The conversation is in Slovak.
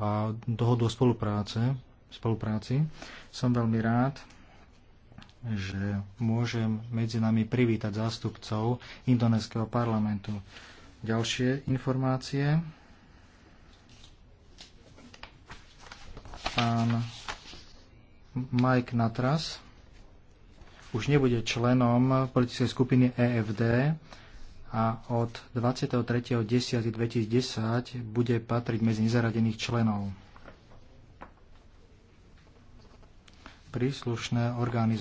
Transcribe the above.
a dohodu o spolupráce, spolupráci. Som veľmi rád, že môžem medzi nami privítať zástupcov indonéskeho parlamentu. Ďalšie informácie. Pán Mike Natras už nebude členom politickej skupiny EFD, a od 23.10.2010 bude patriť medzi nezaradených členov. Príslušné orgány